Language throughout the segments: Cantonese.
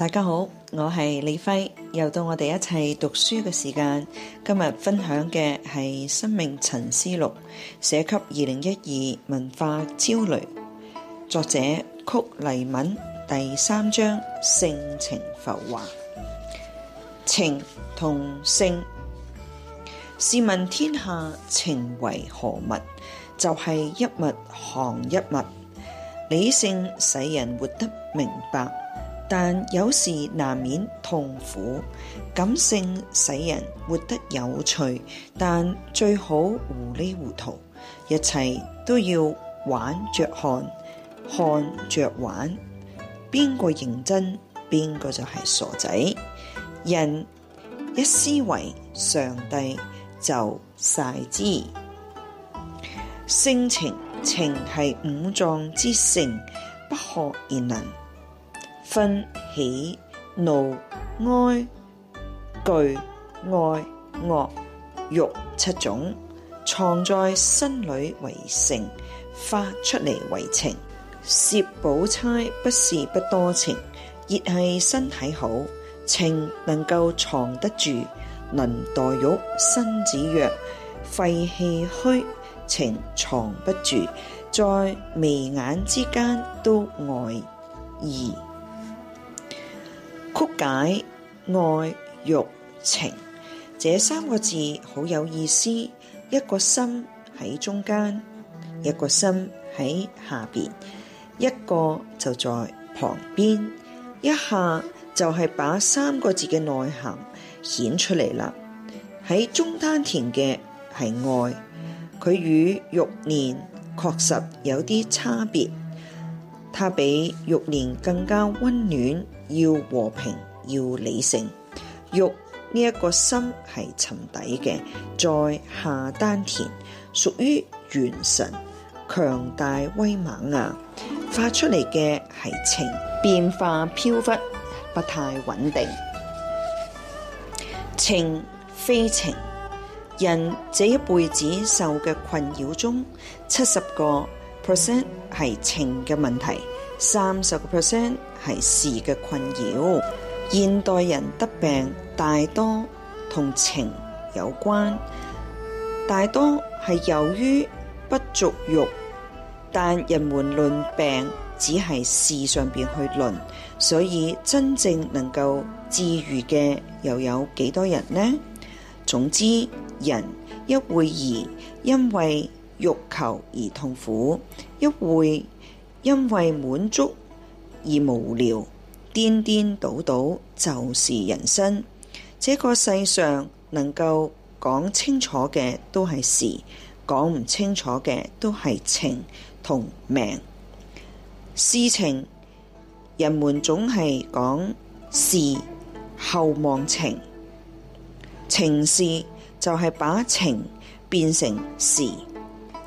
大家好，我係李輝，又到我哋一齊讀書嘅時間。今日分享嘅係《生命沉思錄》，寫給二零一二文化焦慮，作者曲黎敏第三章性情浮華，情同性。試問天下情為何物？就係、是、一物降一物，理性使人活得明白。但有時難免痛苦，感性使人活得有趣，但最好糊裏糊塗，一切都要玩着看，看着玩。邊個認真，邊個就係傻仔。人一思維，上帝就晒之。性情，情係五臟之性，不可言能。.分喜怒哀懼愛惡欲七種藏在心裏為性，發出嚟為情。薛寶釵不是不多情，而係身體好，情能夠藏得住。林黛玉身子弱，肺氣虛，情藏不住，在眉眼之間都愛意。曲解愛欲情，這三個字好有意思。一個心喺中間，一個心喺下邊，一個就在旁邊。一下就係把三個字嘅內涵顯出嚟啦。喺中丹田嘅係愛，佢與欲念確實有啲差別。它比欲念更加溫暖，要和平，要理性。欲呢一個心係沉底嘅，在下丹田，屬於元神，強大威猛啊！發出嚟嘅係情，變化飄忽，不太穩定。情非情，人這一輩子受嘅困擾中，七十個 percent 係情嘅問題，三十個 percent 係事嘅困擾。現代人得病大多同情有關，大多係由於不足欲，但人們論病只係事上面去論，所以真正能夠治愈嘅又有幾多人呢？總之，人一會兒因為。欲求而痛苦，一會因為滿足而無聊，顛顛倒倒就是人生。這個世上能夠講清楚嘅都係事，講唔清楚嘅都係情同命。事情，人們總係講事後望情，情事就係把情變成事。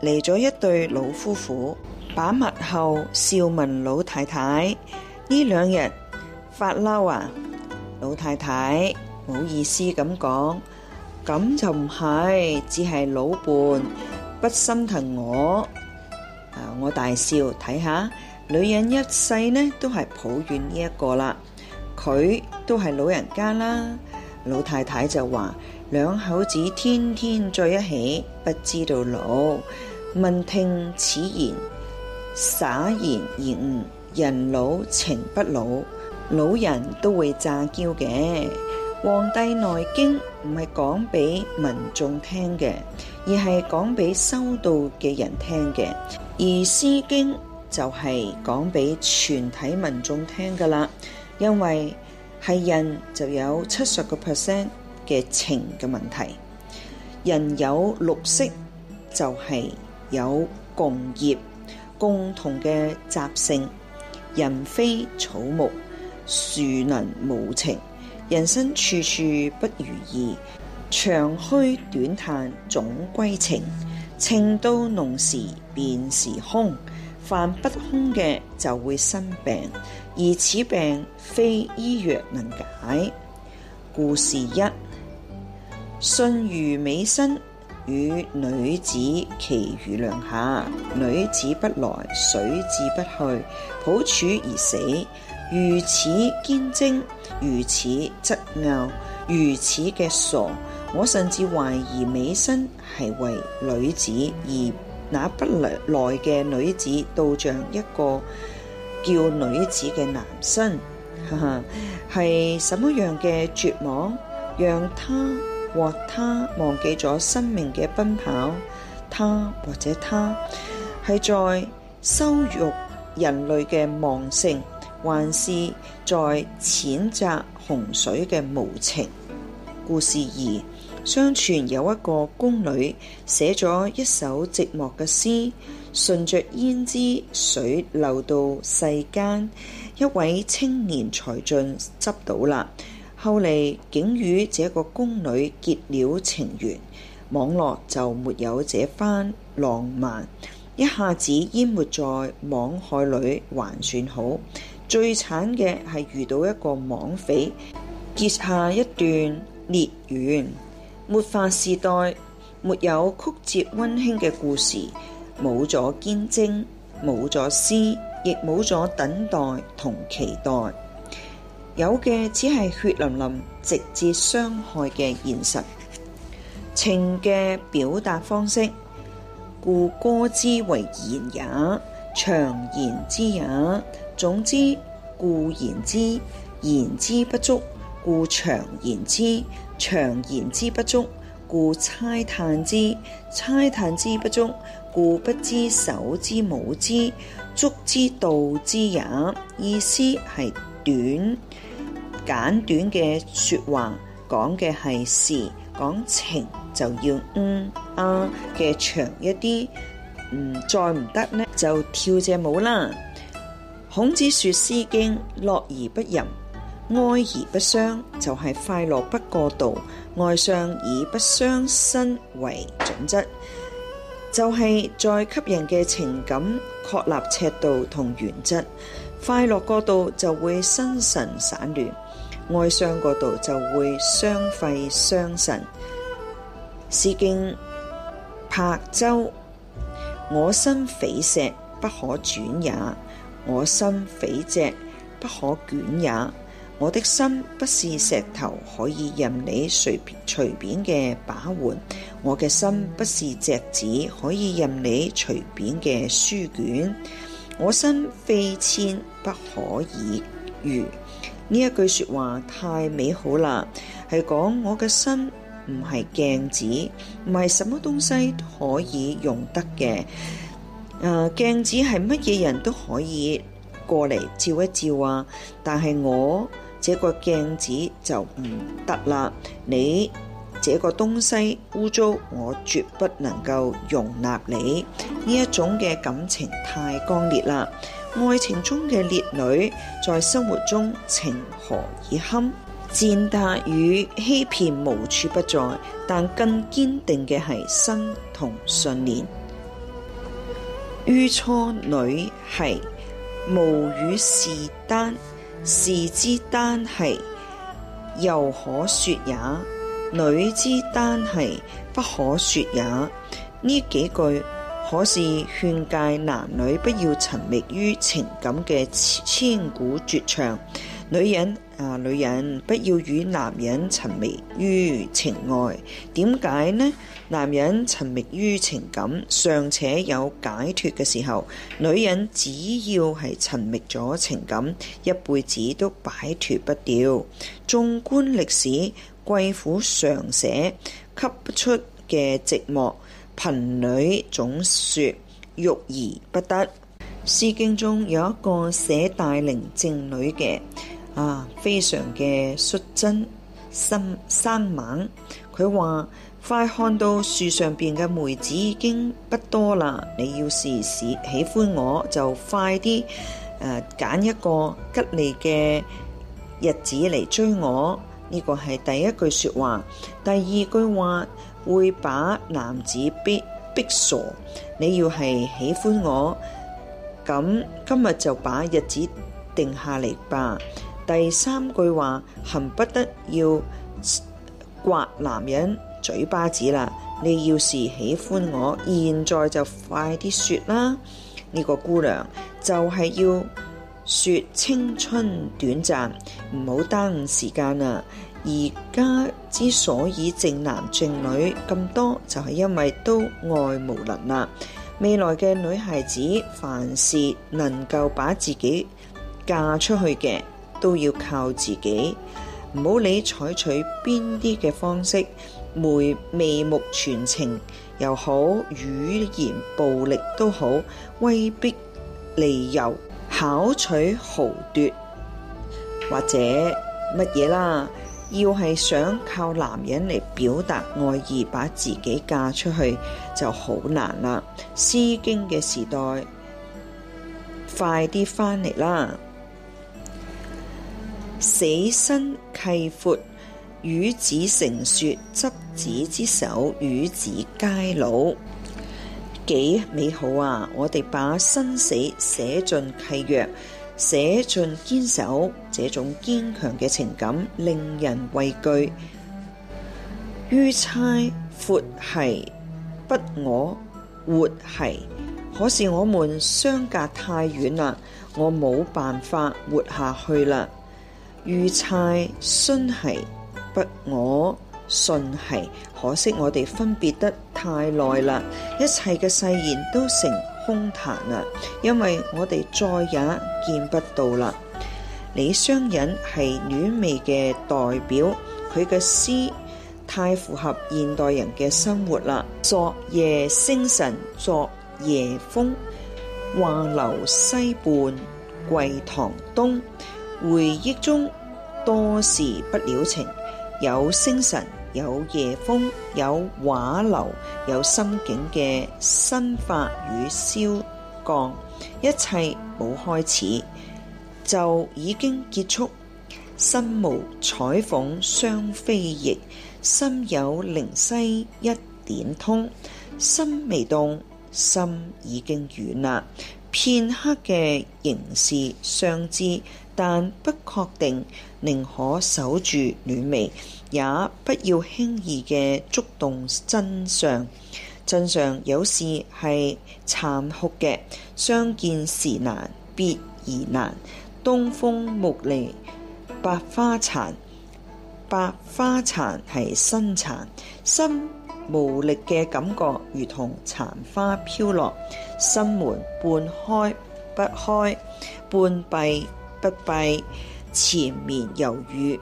嚟咗一對老夫婦，把脈後，笑問老太太呢兩日發嬲啊！老太太，唔好意思咁講，咁就唔係，只係老伴不心疼我。啊！我大笑睇，下，女人一世呢都係抱怨呢一個啦，佢都係老人家啦。老太太就話。兩口子天天在一起，不知道老。聞聽此言，灑然而悟，人老情不老，老人都會詐嬌嘅。《黃帝內經》唔係講俾民眾聽嘅，而係講俾修道嘅人聽嘅。而《詩經》就係講俾全體民眾聽噶啦，因為係人就有七十個 percent。嘅情嘅問題，人有綠色就係、是、有共業共同嘅習性，人非草木，孰能無情。人生處處不如意，長吁短嘆總歸情。情到濃時便是空，犯不空嘅就會生病，而此病非醫藥能解。故事一。信如尾生與女子，期於梁下。女子不來，水至不去，抱柱而死。如此堅貞，如此執拗，如此嘅傻，我甚至懷疑尾生係為女子而，那不來來嘅女子，倒像一個叫女子嘅男生。哈哈，係什麼樣嘅絕望，讓她。或他忘記咗生命嘅奔跑，他或者他係在羞辱人類嘅忘性，還是在譴責洪水嘅無情？故事二，相傳有一個宮女寫咗一首寂寞嘅詩，順着胭脂水流到世間，一位青年才俊執到啦。後嚟竟與這個宮女結了情緣，網絡就沒有這番浪漫，一下子淹沒在網海裏還算好，最慘嘅係遇到一個網匪，結下一段孽緣。末法時代沒有曲折温馨嘅故事，冇咗堅貞，冇咗詩，亦冇咗等待同期待。有嘅只係血淋淋直接傷害嘅現實，情嘅表達方式，故歌之為言也，長言之也。總之，故言之，言之不足，故長言之；長言之不足，故猜嘆之；猜嘆之，之，之不足，故不知手之舞之，足之蹈之也。意思係短。簡短嘅說話講嘅係事，講情就要嗯啊嘅長一啲。嗯，再唔得咧就跳隻舞啦。孔子說《詩經》，樂而不淫，哀而不傷，就係快樂不過度，哀傷以不傷身為準則，就係在給人嘅情感確立尺度同原則。快樂過度就會心神散亂。哀傷嗰度就會傷肺傷神。詩經柏舟：我心匪石，不可轉也；我心匪席，不可卷也。我的心不是石頭，可以任你隨便隨便嘅把玩；我嘅心不是席子，可以任你隨便嘅舒卷。我心非千，不可以渝。如呢一句說話太美好啦，係講我嘅心唔係鏡子，唔係什麼東西可以用得嘅。誒、呃，鏡子係乜嘢人都可以過嚟照一照啊，但係我這個鏡子就唔得啦。你這個東西污糟，我絕不能夠容納你。呢一種嘅感情太乾烈啦。愛情中嘅烈女，在生活中情何以堪？踐踏與欺騙無處不在，但更堅定嘅係生同信念。于嗟女兮無與士耽，士之耽兮猶可說也；女之耽兮不可說也。呢幾句。可是勸誡男女不要沉迷於情感嘅千古絕唱，女人啊，女人不要與男人沉迷於情愛。點解呢？男人沉迷於情感尚且有解脫嘅時候，女人只要係沉迷咗情感，一輩子都擺脫不掉。縱觀歷史，貴府常寫吸不出嘅寂寞。貧女總說欲而不得，《詩經》中有一個寫大齡剩女嘅，啊，非常嘅率真、生生猛。佢話：快看到樹上邊嘅梅子已經不多啦，你要時時喜歡我就快啲誒揀一個吉利嘅日子嚟追我。呢個係第一句說話，第二句話。會把男子逼逼傻，你要係喜歡我，咁今日就把日子定下嚟吧。第三句話，恨不得要刮男人嘴巴子啦！你要是喜歡我，現在就快啲說啦，呢、這個姑娘就係、是、要說青春短暫，唔好耽誤時間啊！而家之所以剩男剩女咁多，就係因為都愛無能啦。未來嘅女孩子，凡事能夠把自己嫁出去嘅，都要靠自己。唔好理採取邊啲嘅方式，眉眉目傳情又好，語言暴力都好，威逼利誘、巧取豪奪或者乜嘢啦。要係想靠男人嚟表達愛意，把自己嫁出去就好難啦。《詩經》嘅時代，快啲返嚟啦！死生契闊，與子成説，執子之手，與子偕老。幾美好啊！我哋把生死寫進契約。寫盡堅守，這種堅強嘅情感令人畏懼。于嗟闊兮，不我活兮，可是我們相隔太遠啦，我冇辦法活下去啦。于嗟洵兮，不我信兮，可惜我哋分別得太耐啦，一切嘅誓言都成空談啦，因為我哋再也見不到啦。李商隱係婉媚嘅代表，佢嘅詩太符合現代人嘅生活啦。昨夜星辰，昨夜風，畫樓西畔桂堂東，回憶中多是不了情，有星辰。有夜風，有畫流，有心境嘅新法與消降，一切冇開始就已經結束。身無彩鳳雙飛翼，心有靈犀一點通。心未動，心已經軟啦。片刻嘅形事相知，但不確定，寧可守住曖昧，也不要輕易嘅觸動真相。真相有時係殘酷嘅，相見時難別亦難。東風無力，百花殘，百花殘，係心殘。心。無力嘅感覺，如同殘花飄落，心門半開不開，半閉不閉，纏綿猶豫，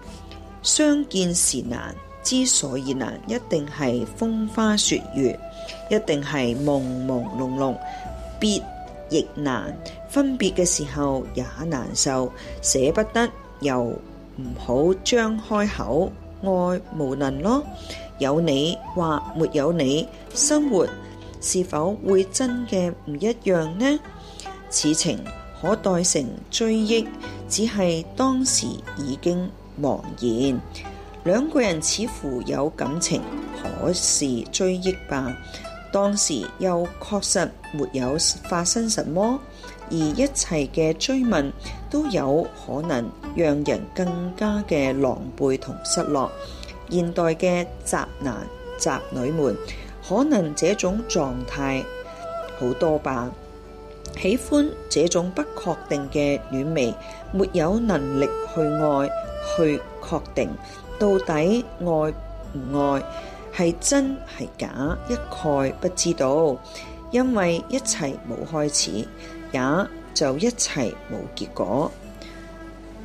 相見時難，之所以難，一定係風花雪月，一定係朦朦朧朧，別亦難，分別嘅時候也難受，捨不得又唔好張開口，愛無能咯。有你或沒有你，生活是否會真嘅唔一樣呢？此情可待成追憶，只係當時已經茫然。兩個人似乎有感情，可是追憶吧？當時又確實沒有發生什麼，而一切嘅追問都有可能讓人更加嘅狼狽同失落。現代嘅宅男宅女們，可能這種狀態好多吧。喜歡這種不確定嘅曖昧，沒有能力去愛，去確定到底愛唔愛，係真係假，一概不知道。因為一切冇開始，也就一切冇結果。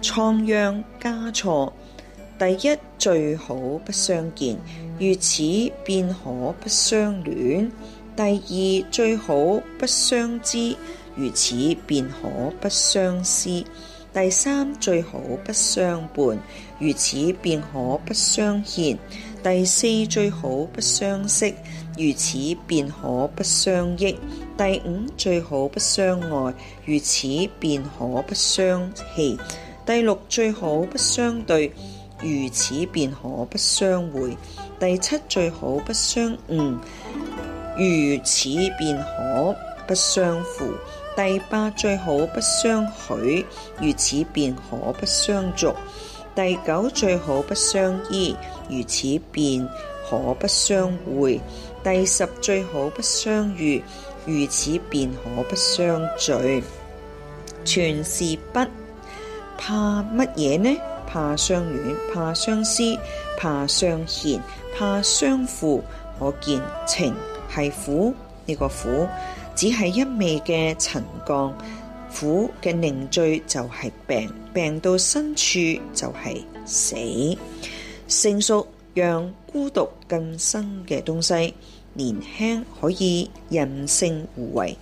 倉央嘉措，第一，最好不相見，如此便可不相戀；第二，最好不相知，如此便可不相思；第三，最好不相伴，如此便可不相欠；第四，最好不相識，如此便可不相憶；第五，最好不相愛，如此便可不相棄；第六，最好不相對，如此便可不相會，第七最好不相誤，如此便可不相負；第八最好不相許，如此便可不相續；第九最好不相依，如此便可不相會；第十最好不相遇，如此便可不相聚。全是不，怕乜嘢呢？怕相軟，怕相思，怕相欠，怕相負。可見情係苦，呢、這個苦只係一味嘅沉降苦，嘅凝聚就係病，病到深處就係死。成熟讓孤獨更深嘅東西，年輕可以任性互為。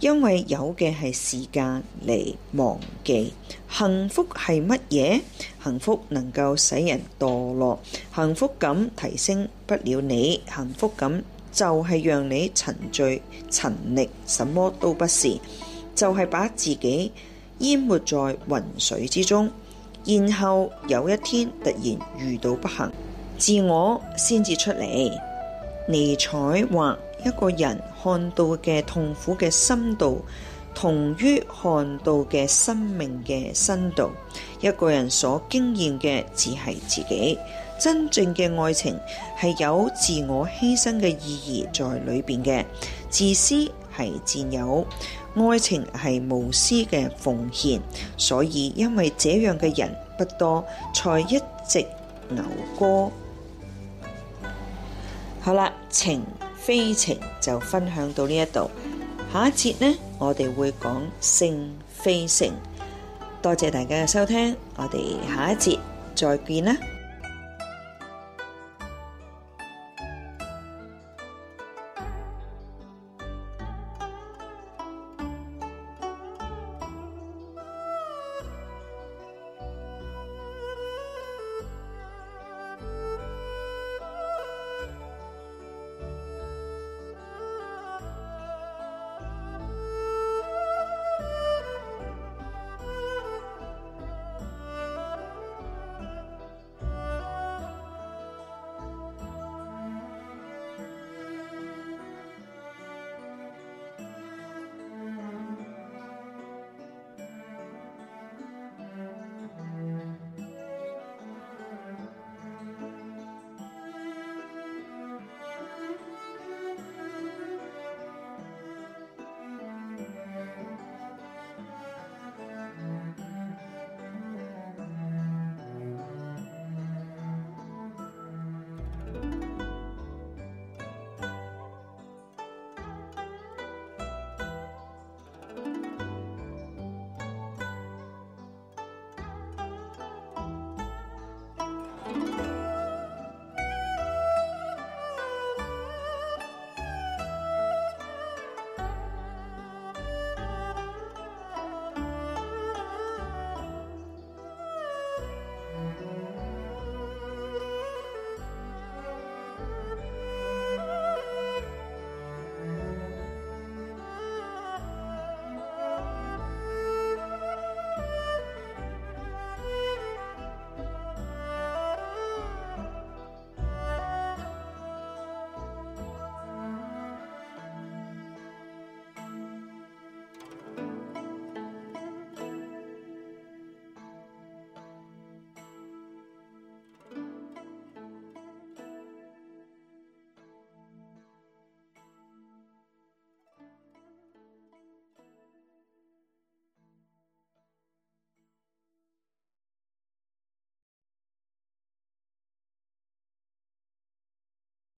因為有嘅係時間嚟忘記，幸福係乜嘢？幸福能夠使人墮落，幸福感提升不了你，幸福感就係讓你沉醉、沉溺，什麼都不是，就係、是、把自己淹沒在雲水之中，然後有一天突然遇到不幸，自我先至出嚟，尼采話。一個人看到嘅痛苦嘅深度，同於看到嘅生命嘅深度。一個人所經驗嘅只係自己。真正嘅愛情係有自我犧牲嘅意義在裏邊嘅。自私係佔有，愛情係無私嘅奉獻。所以因為這樣嘅人不多，才一直牛歌。好啦，情。非情就分享到呢一度，下一節呢，我哋會講性非性。多謝大家嘅收聽，我哋下一節再見啦。